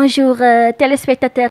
Bonjour euh, téléspectateurs.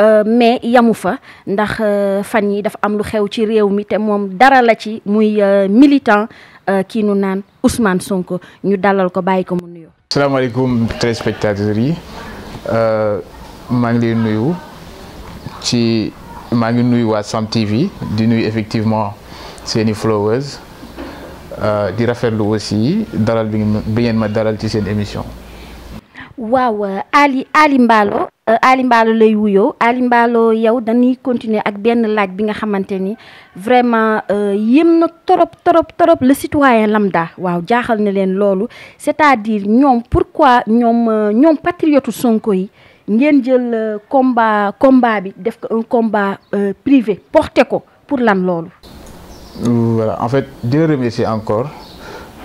Euh, mais Yamufa ndax euh, fan yi dafa am lu xew ci réew mi te mom dara la ci euh, militant qui nu naan Ousmane Sonko ñu dalal ko TV effectivement followers di aussi dalal bi ngeen ma dalal ci émission. waaw Ali Ali Mbalo. Euh, Aly Mballo lay wuyoo Aly Mballo yow dañuy continuer ak ben laaj bi nga xamanteni ni vraiment euh, yëm na torop torop torop le citoyen lambda waaw jaaxal na len lolu c'est-à-dire ñom pourquoi ñom euh, ñom patriotes Sonko yi ngeen jël combat combat bi def ko un combat euh, privé porté ko pour lan lolu voilà en fait di remercier encore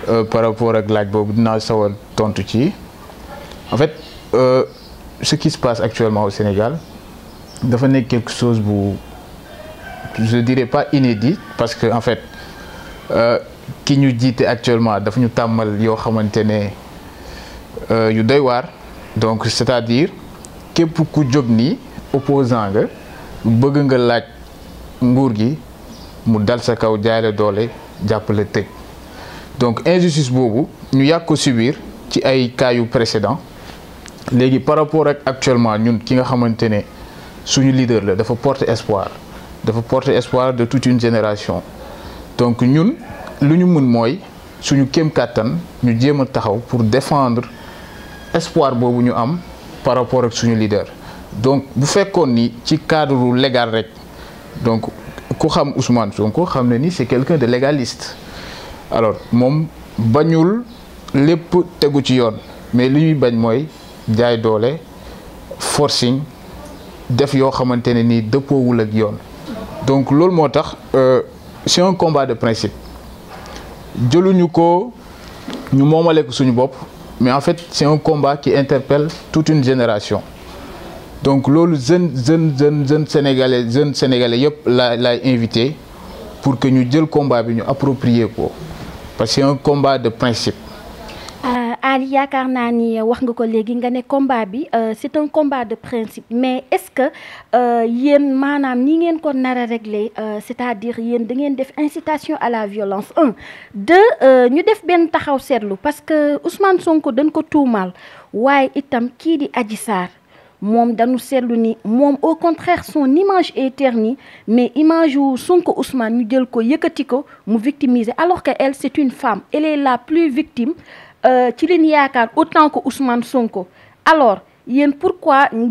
euh, par rapport ak laaj bobu dinaa sawal tontu ci en fait. euh ce qui se passe actuellement au Sénégal c'est quelque chose bu je dirais pas inédit parce que en fait qui euh, nous dit actuellement dafa ñu euh, donc c'est-à-dire que beaucoup de nii opposant nga bëgg nga mu dal sa kaw donc injustice bobu ñu yàgg subir ci ay cas précédent léegi par rapport actuellement nous ki nga xamante suñu leader la faut porter espoir faut porter espoir de toute une génération donc ñun lu ñu mën mooy suñu kéem kàttan ñu jéem taxaw pour défendre espoir que nous am par rapport à suñu leader. donc bu faites ni ci cadre légal rek donc vous xam Ousmane Sonko xam ni c'est quelqu'un de légaliste alors moom bañul lépp tegu ci yoon mais li ñuy bañ jaay doole forcing def yoo xamante ne nii dëppoowul ak yoon donc loolu moo tax euh, c'est un combat de principe jëluñu ko ñu moomale ko suñu bopp mais en fait c'est un combat qui interpelle toute une génération donc loolu jeune jeune jeune jeune sénégalais jeune sénégalais yëpp la laay invité pour que ñu jël combat bi ñu approprier ko parce que c'est un combat de principe c'est un combat de principe mais est-ce que euh, euh, c'est-à-dire incitation à la violence un deux nous euh, def taxaw parce que Ousmane Sonko dañ ko mal. au contraire son image est ternie mais image wu Sonko Ousmane ñu jël ko alors que elle c'est une femme elle est la plus victime euh, ci autant que Ousmane Sonko alors pourquoi am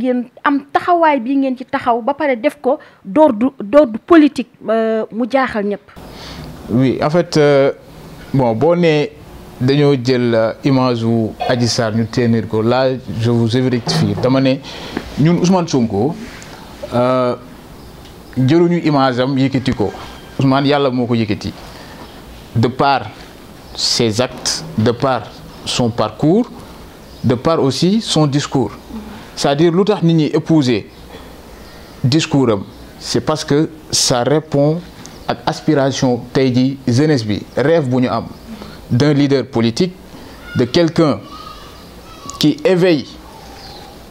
oui en fait euh, bon dañu jël euh, Sarr ñu tenir là je vous vérifie dama nous, Ousmane Sonko jëruñu image am ko Ousmane Yalla Moko de par ses actes de par son parcours de par aussi son discours c'est-à-dire l'autre n'est nit épousé discours c'est parce que ça répond à l'aspiration de jeunesse rêve d'un leader politique de quelqu'un qui éveille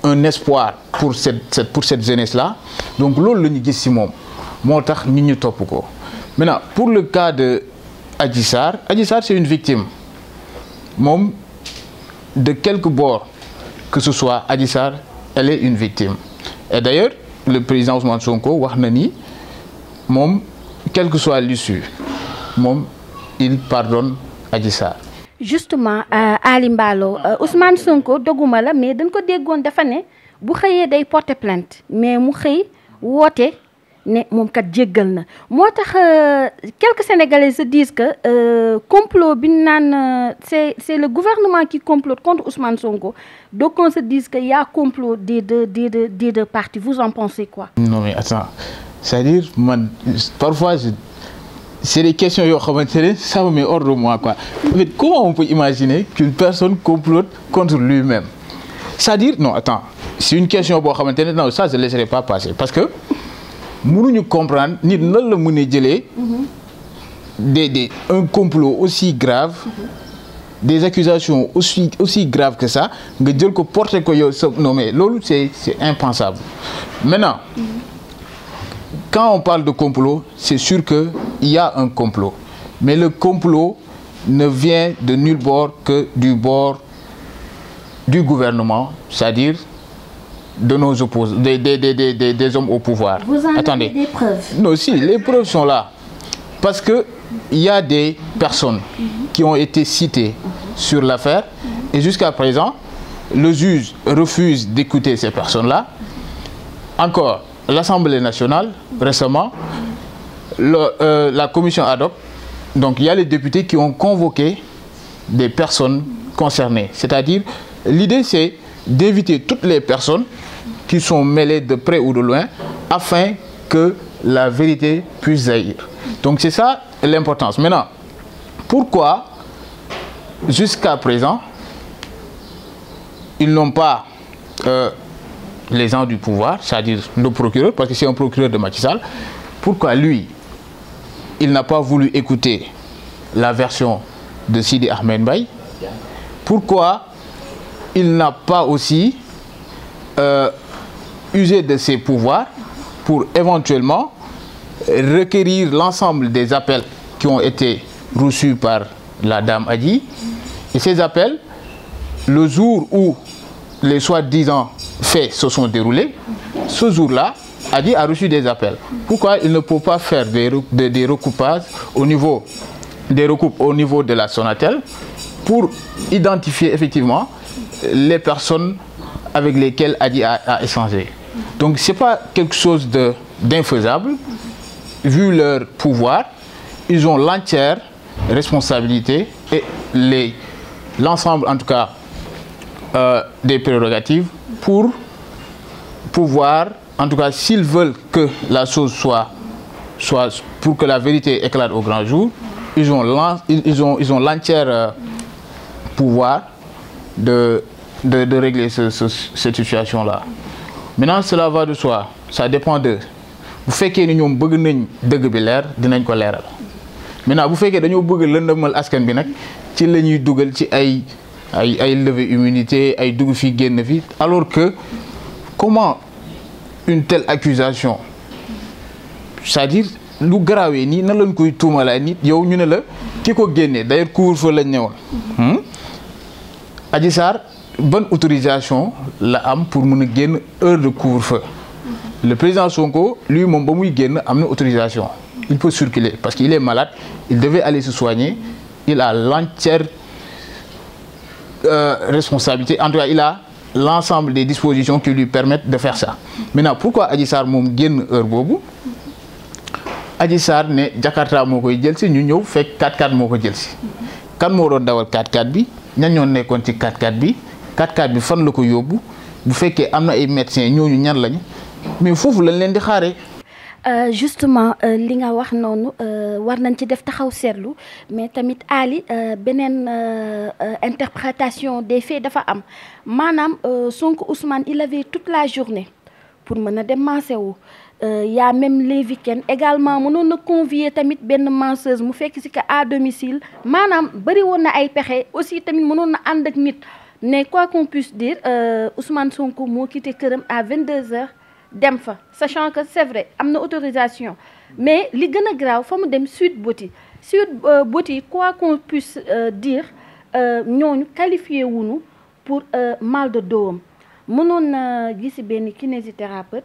un espoir pour cette pour cette jeunesse là donc l'autre le ñu gis ci maintenant pour le cas de Adji Sarr c'est une victime mon de quelque bord que ce soit Adissar, elle est une victime. Et d'ailleurs, le président Ousmane Sonko wax dit ni quelle que soit l'issue il pardonne Adissar. justement euh, Ali Mballo euh, Ousmane Sonko doguma la mais dañ ko déggoon dafa ne bu porter plainte mais mu xëy kat na euh, quelques sénégalais se disent que euh, complot euh, c'est le gouvernement qui complote contre Ousmane Sonko donc on se dit que y a complot des deux des des parties vous en pensez quoi. non mais attends c'est-à-dire parfois c'est des questions yoo xamante ça me met hors de moi quoi mais comment on peut imaginer qu'une personne complote contre lui-même c'est-à-dire non attends Si une question boo xamante non ça je ne laisserai pas passer parce que. Nous comprenons ni nan la un complot aussi grave des accusations aussi aussi graves que ça porter nommé, c'est impensable maintenant quand on parle de complot c'est sûr qu'il y a un complot mais le complot ne vient de nul bord que du bord du gouvernement c'est-à-dire de nos opposants, des, des, hommes au pouvoir. Vous avez des preuves Non, si, les preuves sont là. Parce qu'il y a des personnes mhm. qui ont été citées mhm. sur l'affaire mhm. et jusqu'à présent, le juge refuse d'écouter ces personnes-là. Encore, l'Assemblée nationale, récemment, euh, la commission adopte donc il y a les députés qui ont convoqué des personnes concernées. C'est-à-dire, l'idée c'est d'éviter toutes les personnes qui sont mêlées de près ou de loin afin que la vérité puisse jaillir. Donc c'est ça l'importance. Maintenant, pourquoi jusqu'à présent, ils n'ont pas euh, les gens du pouvoir, c'est-à-dire nos procureurs, parce que c'est un procureur de Macky pourquoi lui, il n'a pas voulu écouter la version de Sidi Ahmed Bay Pourquoi il n'a pas aussi euh, usé de ses pouvoirs pour éventuellement requérir l'ensemble des appels qui ont été reçus par la dame Adi. Et ces appels, le jour où les soi-disant faits se sont déroulés, ce jour-là, Adi a reçu des appels. Pourquoi il ne peut pas faire des, recoupages au niveau des recoupes au niveau de la sonatelle pour identifier effectivement les personnes avec lesquelles Adi a, échangé. Donc ce n'est pas quelque chose d'infaisable. Vu leur pouvoir, ils ont l'entière responsabilité et l'ensemble en tout cas euh, des prérogatives pour pouvoir, en tout cas s'ils veulent que la chose soit, soit, pour que la vérité éclate au grand jour, ils ont l'entière ils ont, euh, pouvoir de, de, de régler ce, ce, cette situation-là. Maintenant, cela va de soi. Ça dépend d'eux. vous fekkee ni ñoom bëgg nañ dëgg bi leer dinañ ko maintenant bu fekkee que bëgg lëndëmal askan bi nag ci la ñuy dugal ci ay ay ay levée immunité ay dugg fi génn fi alors que comment une telle accusation c'est-à-dire lu garaawee ni na lañ koy tuumalaay nit yow ñu né la kiko génné d'ailleurs couvre-feu lañ ne Adji Sarr bonne autorisation pour mon une heure de couvre-feu le président Sonko lui autorisation il peut circuler parce qu'il est malade il devait aller se soigner il a l'entière euh, responsabilité en tout cas il a l'ensemble des dispositions qui lui permettent de faire ça maintenant pourquoi Adji a une heure bobu? Jakarta 4 4 4 4 ñan ñoo nekkoon ci 4 bi 4 bi fan la ko yóbbu bu fekkee am na ay médecins ñooñu ñan lañ mais foofu lañ leen di xaaree. Euh, justement euh, li nga wax noonu euh, war nañ ci def taxaw seetlu mais tamit Ali beneen interprétation des faits dafa am maanaam Sonko Ousmane il avait toute la journée pour mën a dem maasewu Il euh, y a même les week-ends également nous na convier tamit benn masseuse mu fekk à domicile madame, bëri woon na ay aussi tamit à na ànd ak nit mais quoi qu'on puisse dire euh, Ousmane Sonko a quitté këram à 22h dem sachant que c'est vrai a une autorisation mais li gën a graaw fa mu dem Sweet Sur Sweet euh, boti quoi qu'on puisse dire nous qualifié wuñu pour mal de dos Nous mënoon na gisi kinésithérapeute.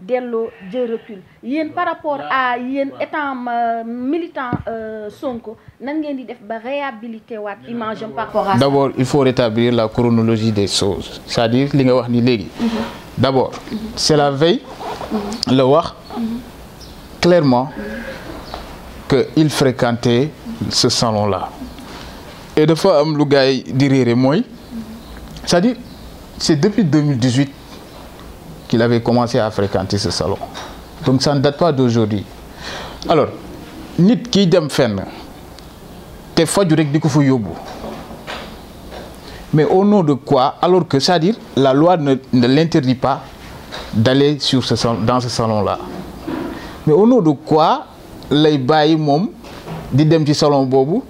dello je recule yéen par rapport à yéen étant euh, militant euh, Sonko nan ngeen di def ba réhabilité wat image par rapport à. d'abord il faut rétablir la chronologie des choses c'est à dire li nga wax ni légui mhm. d'abord mhm. c'est la veille. Mhm. le wax clairement que il fréquentait ce salon là. et dafa am lu y a di gens qui cest à dire c'est depuis 2018 qu'il avait commencé à fréquenter ce salon. Donc ça ne date pas d'aujourd'hui. Alors, nit kiy dem fenn te faju rek du ko fa mais au nom de quoi alors que ça dit, la loi ne, l'interdit pas d'aller sur ce dans ce salon-là mais au nom de quoi les baye mom di dem salon bobo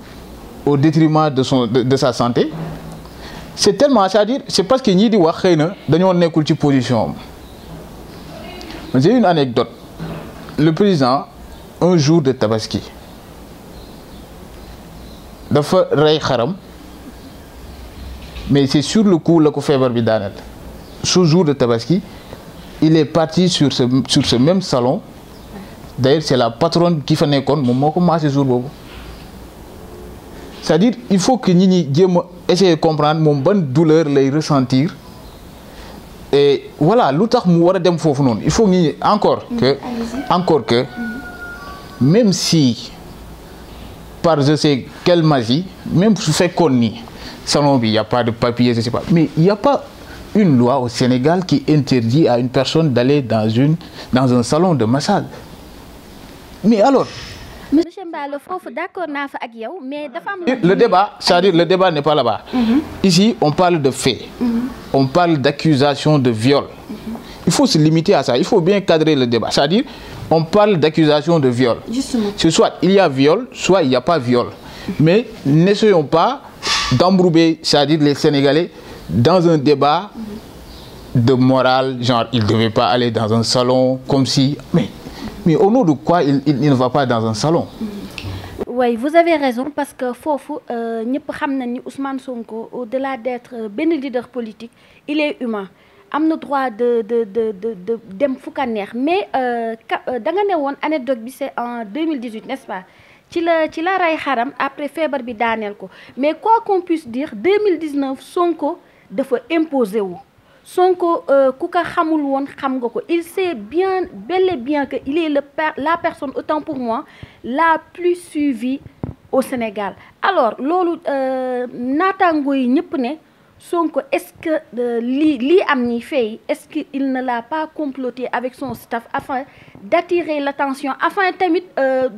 au détriment de son de, sa santé c'est tellement ça dire c'est parce que ni di wax avons d'ailleurs on est ci position j'ai une anecdote. Le président, un jour de Tabaski, fait un xaram mais c'est sur le coup le le fait bi ce jour de Tabaski il est parti sur ce sur ce même salon d'ailleurs c'est la patronne qui fait un compte. moo moi, ce jour c'est-à-dire il faut que Nini, ñi de comprendre mon bonne douleur les ressentir et voilà l'autre mouwara il faut encore mm, que encore que même si par je sais quelle magie même si c'est connu, salon il y a pas de papier je sais pas mais il n'y a pas une loi au Sénégal qui interdit à une personne d'aller dans dans un salon de massage mais alors le débat c'est-à-dire le débat n'est pas là-bas. Mm-hmm. ici on parle de faits. Mm-hmm. on parle d'accusation de viol. Mm-hmm. il faut se limiter à ça il faut bien cadrer le débat c'est-à-dire on parle d'accusation de viol. c'est soit il y a viol soit il n'y a pas viol mais n'essayons pas d'embrouber c'est-à-dire les Sénégalais dans un débat de morale genre ils ne devaient pas aller dans un salon comme si mais au nom de quoi il, il, ne va pas dans un salon Oui, vous avez raison parce que Fofu, euh, Ousmane Sonko, au-delà d'être un euh, leader politique, il est humain. a le droit de de de de de mais euh, euh, da nga l'année anecdote c'est en 2018 n'est-ce pas ci la ci la ray après le bi mais quoi qu'on puisse dire 2019 Sonko faut imposer. où? Sonko euh, Kuka ko xamul il sait bien bel et bien que il est le la personne autant pour moi la plus suivie au Sénégal alors loolu euh, naataango yi Sonko est-ce que euh, Li lii am est-ce qu'il ne l'a pas comploté avec son staff afin d'attirer l'attention afin tamit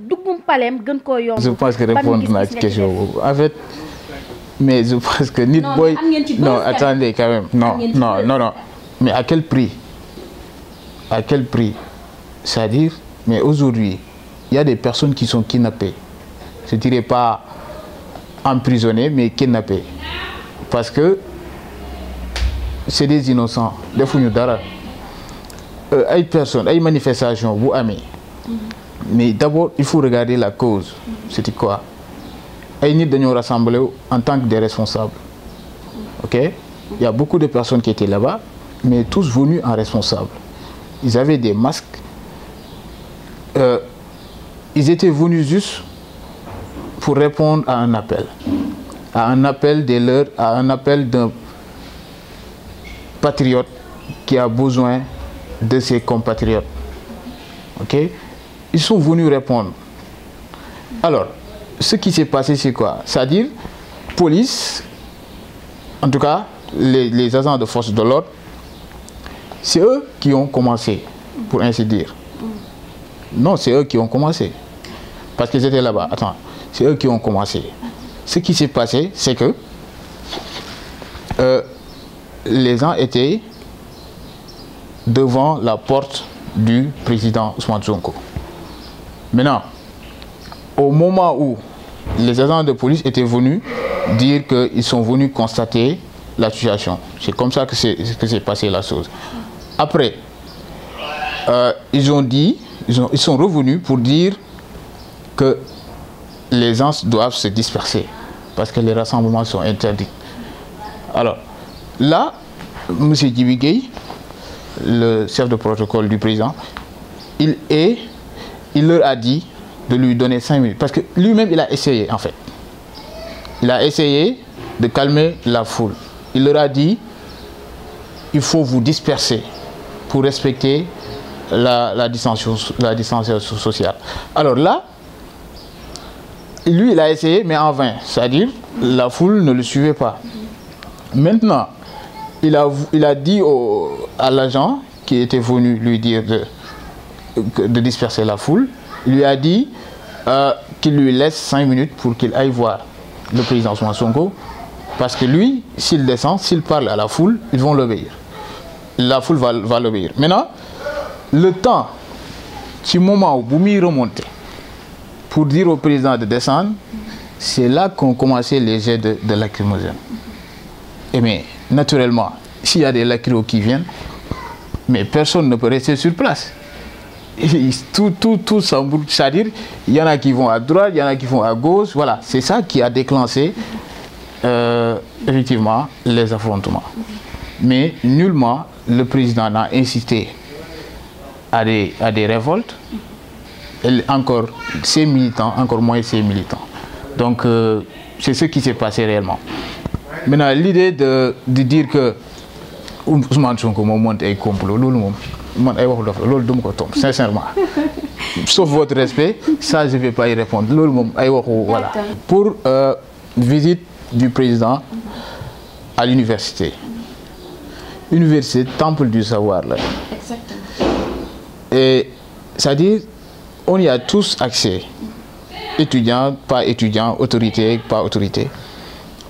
duggum palem gën koo je pense que répondre à la question avec mais je pense que nit boy, non attendez quand même non non non mais à quel prix à quel prix c'est-à-dire mais aujourd'hui il y a des personnes qui sont kidnappées je dirais pas emprisonnées mais kidnappées parce que c'est des innocents defuñu dara euh, ay personnes une manifestation, vous amis mhm. mais d'abord il faut regarder la cause c'était quoi a nit rassembler rassemblé en tant que des responsables ok il y a beaucoup de personnes qui étaient là-bas mais tous venus en responsable ils avaient des masques euh, ils étaient venus juste pour répondre à un appel à un appel de leur... à un appel d'un patriote qui a besoin de ses compatriotes ok ils sont venus répondre alors ce qui s'est passé, c'est quoi C'est-à-dire, police, en tout cas, les, agents de force de l'ordre, c'est eux qui ont commencé, pour ainsi dire. Non, c'est eux qui ont commencé. Parce qu'ils étaient là-bas. Attends, c'est eux qui ont commencé. Ce qui s'est passé, c'est que euh, les gens étaient devant la porte du président Ousmane Sonko. Maintenant, au moment où les agents de police étaient venus dire qu'ils sont venus constater la situation. C'est comme ça que s'est passé la chose. Après, euh, ils ont dit, ils, sont revenus pour dire que les gens doivent se disperser parce que les rassemblements sont interdits. Alors, là, M. Djibigay, le chef de protocole du président, il, est, il leur a dit de lui donner 5 minutes. Parce que lui-même, il a essayé, en fait. Il a essayé de calmer la foule. Il leur a dit, il faut vous disperser pour respecter la, la, distanciation, la sociale. Alors là, lui, il a essayé, mais en vain. C'est-à-dire, la foule ne le suivait pas. Maintenant, il a, il a dit au, à l'agent qui était venu lui dire de disperser la foule, lui a dit euh, qu'il lui laisse cinq minutes pour qu'il aille voir le président Ousmane Sonko. Parce que lui, s'il descend, s'il parle à la foule, ils vont l'obéir. La foule va, l'obéir. Maintenant, le temps du moment où Boumi remontait pour dire au président de descendre, c'est là qu'ont commencé les jets de, de lacrymogènes. Et eh mais, naturellement, s'il y a des lacrymogènes qui viennent, mais personne ne peut rester sur place tout, tout, tout ça C'est-à-dire, il y en a qui vont à droite, il y en a qui vont à gauche. Voilà, c'est ça qui a déclenché, euh, effectivement, les affrontements. Mais nullement, le président n'a incité à des, à des révoltes. encore ses militants, encore moins ses militants. Donc, euh, c'est ce qui s'est passé réellement. Maintenant, l'idée de, dire que Ousmane Sonko sincèrement sauf votre respect ça je ne vais pas y répondre voilà pour euh, visite du président à l'université université temple du savoir là et c'est-à-dire on y a tous accès étudiants pas étudiants autorité pas autorité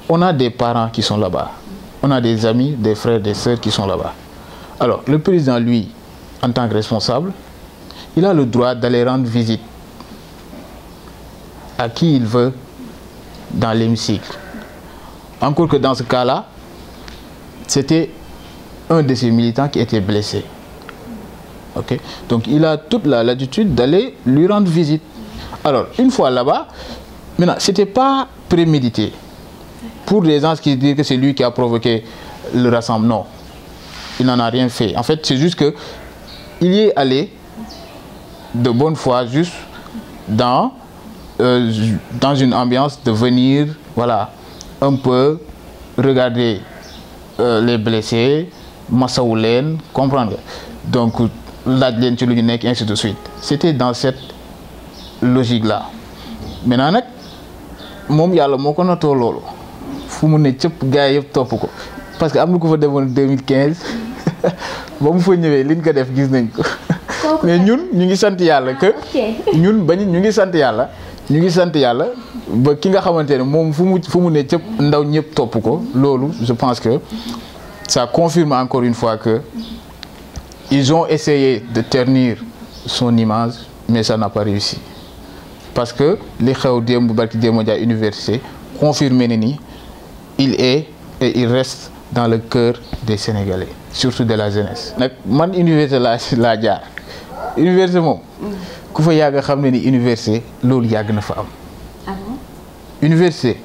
on a des parents qui sont là-bas on a des amis des frères des sœurs qui sont là-bas alors le président lui en tant que responsable, il a le droit d'aller rendre visite à qui il veut dans l'hémicycle. Encore que dans ce cas-là, c'était un de ses militants qui était blessé. OK Donc il a toute la d'aller lui rendre visite. Alors, une fois là-bas, maintenant, c'était n'était pas prémédité. Pour les gens qui disent que c'est lui qui a provoqué le rassemblement, non. Il n'en a rien fait. En fait, c'est juste que il y est allé de bonne foi, juste dans, euh, dans une ambiance de venir, voilà, un peu regarder euh, les blessés, laine, comprendre. Donc, la tu et ainsi de suite. C'était dans cette logique-là. Maintenant, y est mon biais le mot fu mu ne cëpp gars parce que am de 2015 ba mu fa ñëwee liñ ko def gis nañ ko mais ñun ñu ngi sant yàlla ah, que ñun bañ ñu ngi sant yàlla ñu ngi sant yàlla ba ki nga xamante ne moom fu mu fu mu ne cëpp ndaw ñëpp topp ko loolu je pense que ça confirme encore une fois que ils ont essayé de ternir son image mais ça n'a pas réussi parce que li xew démb barki démb jaay université confirmé na ni il est et il reste dans le cœur des Sénégalais surtout de la jeunesse. Nak man université la la jaar université mom. ku fa yag xamné ni université loolu yag na ah université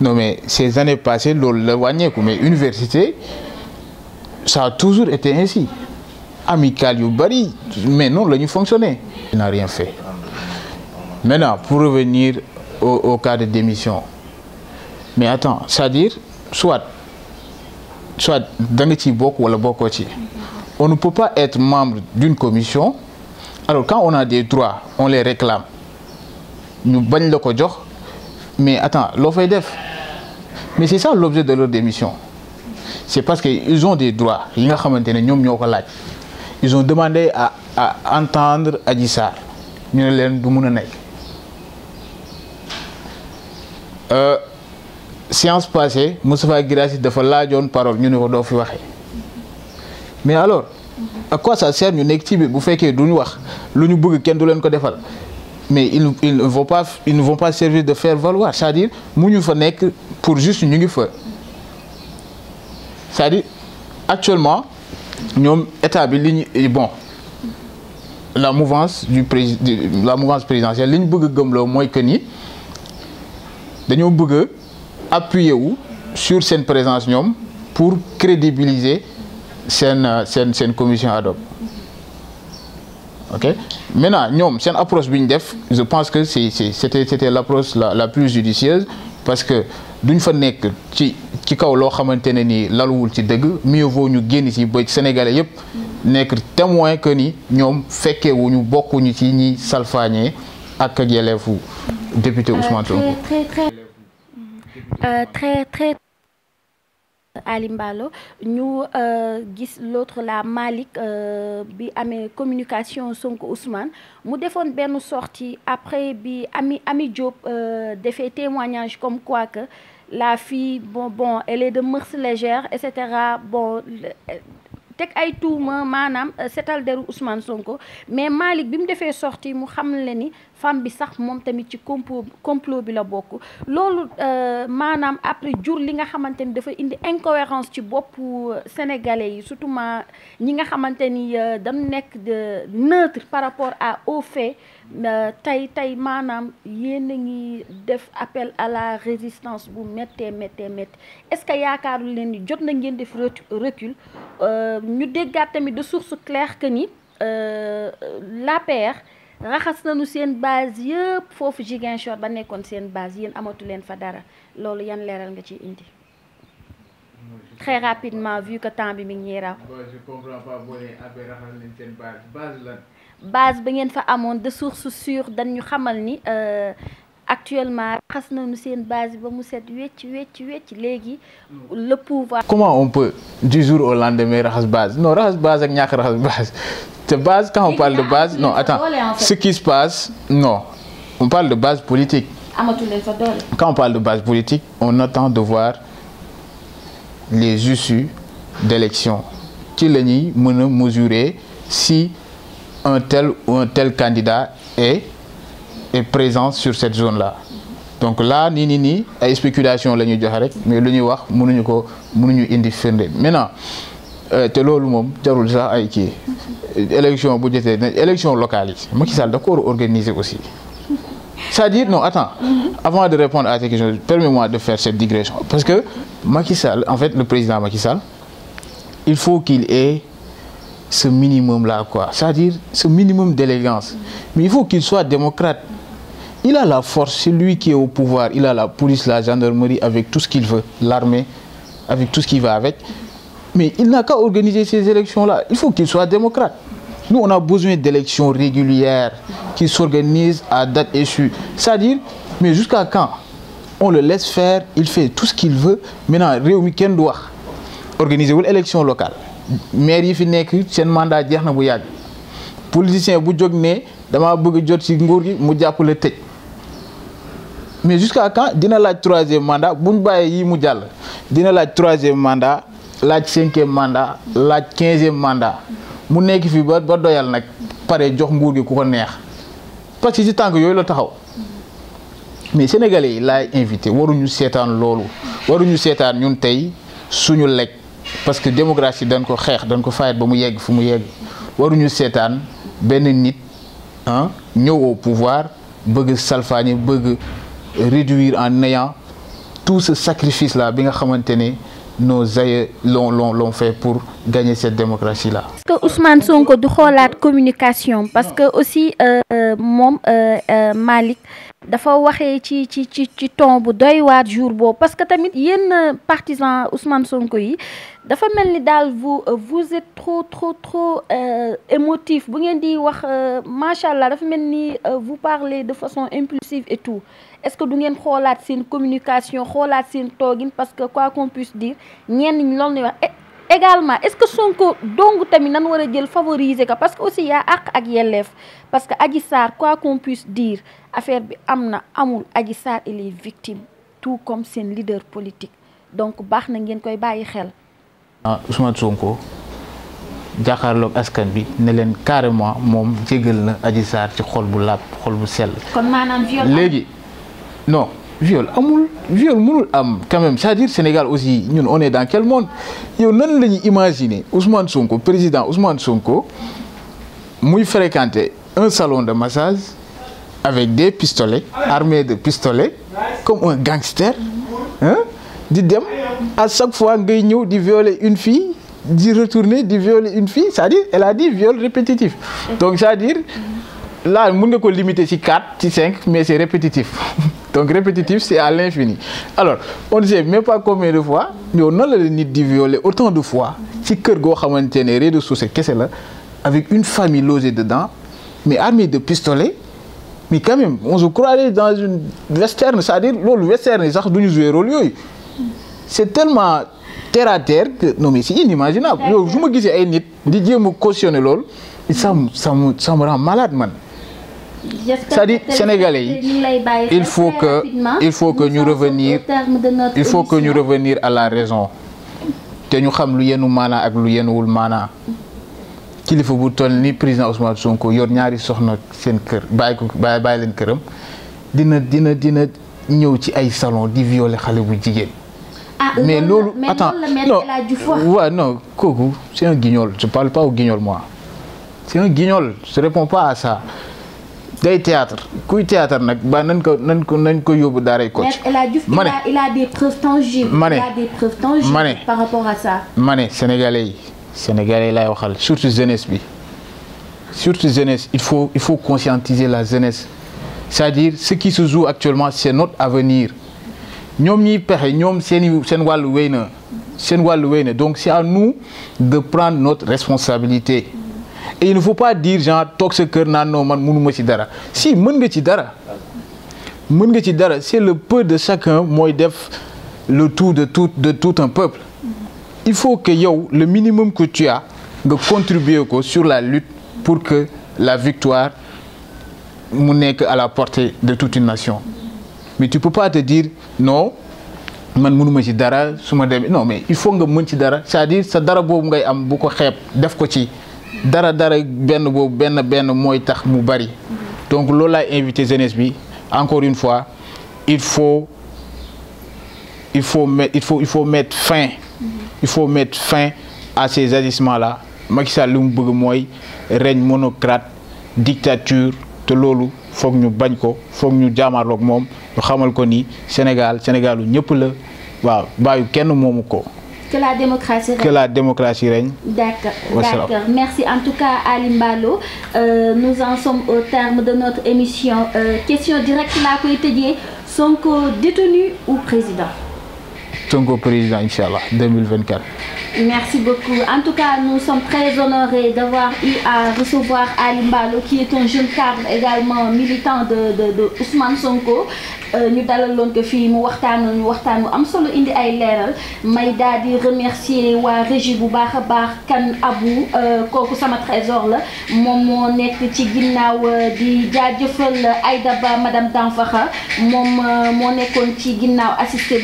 non mais ces années passées loolu la mais université ça a toujours été ainsi amical yu bari mais non lañu pas fonctionné. il n'a rien fait maintenant pour revenir au, au cas de démission mais attends c'est-à-dire soit soit les les ou on ne peut pas être membre d'une commission alors quand on a des droits on les réclame Nous bañ le ko mais attends l'offre. mais c'est ça l'objet de leur démission c'est parce qu'ils ont des droits ils ont demandé à entendre Adji séance passée Moustapha Guirassy dafa laajoon parole ñu ne ko doo fi mais alors à quoi ça sert ñu équipe, ci biir bu fekkee du ñu wax lu ñu bëgg kenn du leen ko mais ils ils ne vont pas ils ne vont pas servir de faire valoir c'est-à-dire nous ñu fa nekk pour juste ñu ngi fa c'est-à-dire actuellement nous état bi li ñu bon la mouvance du président, la mouvance présidentielle li ñu bëgg le moins mooy que ni dañoo bëgg appuyez-vous sur cette présence pour crédibiliser cette euh, commission ad hoc maintenant c'est approche je pense que c'était l'approche la plus judicieuse parce que d'une fa nekk ci ci kaw lo ci mieux ñu ci sénégalais yépp témoin que ni ci ñi ak ak député euh, Ousmane euh, très très à Nous nous l'autre la Malik euh, bi communication Sonko Ousmane mu bien une sortie après bi Ami Ami euh, témoignage comme quoi que la fille bon bon elle est de mœurs légères etc. bon Ousmane Sonko mais Malik bi mu sortie mu xam femme bi sax mom tamit ci complot complot bi la bokku lolou euh, manam après jour li nga xamanteni dafa indi incohérence ci bop euh, sénégalais yi surtout ma ñi nga xamanteni euh, dam nek de neutre par rapport à au fait tay tay manam yéen ngi def appel à la résistance bu metté metté metté est-ce que yaakaaru len ni jot na ngeen def recul ñu déggaat tamit de source claire que ni la l'APR raxas nañu seen base ba nekkon seen base yeen amatu len fa dara lolou yan nga indi très rapidement vu que temps bi mi base ba ngeen fa de source sûre ñu xamal ni euh, actuellement nous base le pouvoir. comment on peut du jour au lendemain Rahas base non Rahas base ak ñàkk de base base quand on parle de base non attends ce qui se passe non on parle de base politique. quand on parle de base politique on attend de voir les issues d'élection ci la ñuy mesurer si un tel ou un tel candidat est est présent sur cette zone-là. donc là ni ni ni ay spéculation la ñuy rek mais le ñuy wax mënuñu ko mënuñu indi firnde maintenant euh, te loolu moom jarul sax ay élection budgétaire, élection locale Macky Sall aussi c'est-à-dire non attends mm-hmm. avant de répondre à cette questions permets-moi de faire cette digression parce que Macky Sall en fait le président Macky Sall il faut qu'il ait ce minimum là quoi c'est-à-dire ce minimum d'élégance mais il faut qu'il soit démocrate il a la force, c'est lui qui est au pouvoir, il a la police, la gendarmerie, avec tout ce qu'il veut, l'armée, avec tout ce qu'il va avec. Mais il n'a qu'à organiser ces élections-là. Il faut qu'il soit démocrate. Nous, on a besoin d'élections régulières qui s'organisent à date issue. C'est-à-dire, mais jusqu'à quand On le laisse faire, il fait tout ce qu'il veut. Maintenant, Réumi Ken doit organiser l'élection locale. maire yi fi mandat politicien dama bëgg mais jusqu'à quand dina le troisième mandat Bunba ñu yi dina le troisième mandat le cinquième mandat le quinzième mandat il y a ba gens qui ont pare jox nguur gi ko parce que mais sénégalais yi invité waruñu waruñu nous ñun tey suñu parce que démocratie dañ ko dañ ko fayet ba yegg fu yegg waruñu nit hein, au pouvoir bëgg réduire en néant tout ce sacrifice-là, bien nos aïeux l'ont fait pour gagner cette démocratie-là. Est-ce que Ousmane Sonko du la communication Parce que aussi, euh, euh, euh, euh Malik, dafa waxee ci ci ci ci ton bu doy waat jour parce que tamit yéen partisan Ousmane Sonko yi dafa mel ni vous vous êtes trop trop trop émotif bu ngeen di wax macha dafa vous parlez de façon impulsive et tout est-ce que du ngeen xoolaat seen communication xoolaat seen toogin parce que quoi qu'on puisse dire ñenn ñi loolu wax également est-ce que Sonko dong tammi nan wara a jël favoriser parce que aussi yaa àq ak yelleef parce que Adji Sarr quoi qu'on puisse dire affaire bi amna amul Adji Sarr il est victime tout comme seen leader politique donc baax na ngeen koy bayyi xel. ah Ousmane Sonko jaxarlo askan bi ne len carrément mom djegal na Adji Sarr ci xol bu laab xol bu sell. kon maanaam léegi non viol amul viol am quand même c'est-à-dire Sénégal aussi on est dans quel monde yow nan pas Ousmane Sonko président Ousmane Sonko muy fréquentait un salon de massage avec des pistolets armés de pistolets comme un gangster hein à chaque fois qu'il di violer une fille di retourner di violer une fille c'est-à-dire elle a dit viol répétitif donc c'est-à-dire là ne nga ko limiter à 4 ci 5 mais c'est répétitif donc répétitif c'est à l'infini alors on ne sait même pas combien de fois on on le nid de violer autant de fois si kër cœur de en train de se kese avec une famille logée dedans mais armée de pistolets mais quand même on se croirait dans une western c'est-à-dire le western cest sax du jouer rôle c'est tellement terre à terre que non mais c'est inimaginable Je me disais cest ay nit di jéem cautionner ça me ça ça me rend malade man. Ça dit, Sénégalais, il faut que, il faut que nous revenir, il faut que nous revenir à la raison. Té ñu xam lu mana ak lu mana. kilifa bu toll ni président Ousmane Sonko yor ñaari soxna salon di ah, mais attends non non c'est un guignol je parle pas au guignol moi c'est un guignol je réponds pas à ça day théâtre kuy théâtre nak ba nañ ko nañ ko nañ ko yobou daaray Kocc. il a des preuves tangibles. Mané a des preuves tangibles par rapport à ça. Mané, sénégalais sénégalais lay waxal surtout jeunesse bi surtout jeunesse il faut il faut conscientiser la jeunesse c'est-à-dire ce qui se joue actuellement c'est notre avenir Ñom ñi pexé ñom seen seen walu wéy na seen à wéy donc c'est à nous de prendre notre responsabilité et il ne faut pas dire genre toog non non man mounou ci dara si mën nga ci dara mën nga ci dara c'est le peu de chacun qui def le tout de tout de tout un peuple il faut que yow le minimum que tu as de contribuer ko sur la lutte pour que la victoire mu nekk à la portée de toute une nation mais tu peux pas te dire non man ne ci dara su non mais il faut que tu ci dara c'est-à-dire ça dara ngay am bu ko def ko dara dara benn boobu benn benn moy tax mu bari donc loolu laay invité jeunesse bi encore une fois il faut il faut mettre il faut il faut mettre fin il faut mettre fin à ces agissements là Macky Sall li bëgg règne monocrate dictature te lolu foog ñu bañ ko foog ñu jaamaarloog moom ñu xamal ko ni Sénégal Sénégalu ñëpp la waaw bayu kenn momuko que la démocratie règne. Que la démocratie règne. D'accord. Merci en tout cas Ali Mbalo. Euh, nous en sommes au terme de notre émission. Euh, question directe là pour étudier. Sonko détenu ou président Sonko président, Inch'Allah, 2024. Merci beaucoup. En tout cas, nous sommes très honorés d'avoir eu à recevoir Ali Mbalo, qui est un jeune cadre également militant de, de, de Ousmane Sonko nous avons fait fii mu ñu am solo indi ay leeral may daal di remercier waa régie bu baax kan abu euh, kooku sama trésor la moom moo nekk ci euh, di madame Danfaxa moom euh, moo nekkoon ci assisté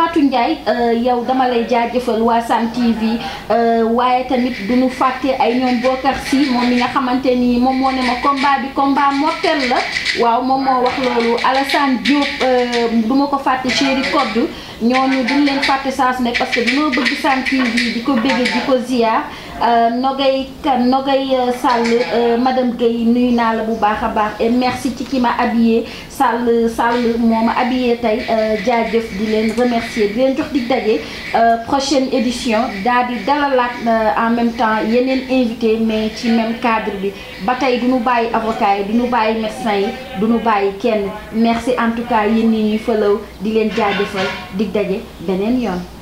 Fatou Ndiaye euh, yow dama lay jaajëfal waa Sam TV euh, waaye tamit du ñu fàtte ay ñoom Bokar si moom mi nga xamante ni moom moo ne ma combat bi combat mortel la waaw moom moo wax loolu Alassane Diop euh, du ma ko fàtte chéri Codou ñooñu duñ leen fàtte saa su ne parce que dañoo bëgg Sam TV di ko bëgge di ko ziar. Euh, Nogay Kane Nogay euh, Sall euh, madame Guèye nuyu naa la bu baax a baax et merci ci ki ma habillé Sall Sall moo ma habillé tey jaajëf di leen remercier di leen jox di daje prochaine édition dadi dalalat en même temps yenen invité mais ci même cadre bi batay tey du ñu avocat yi du ñu médecin yi du ñu bàyyi kenn merci en tout cas yéen ñi ñuy fëlaw di leen jaajëfal di daje beneen yoon.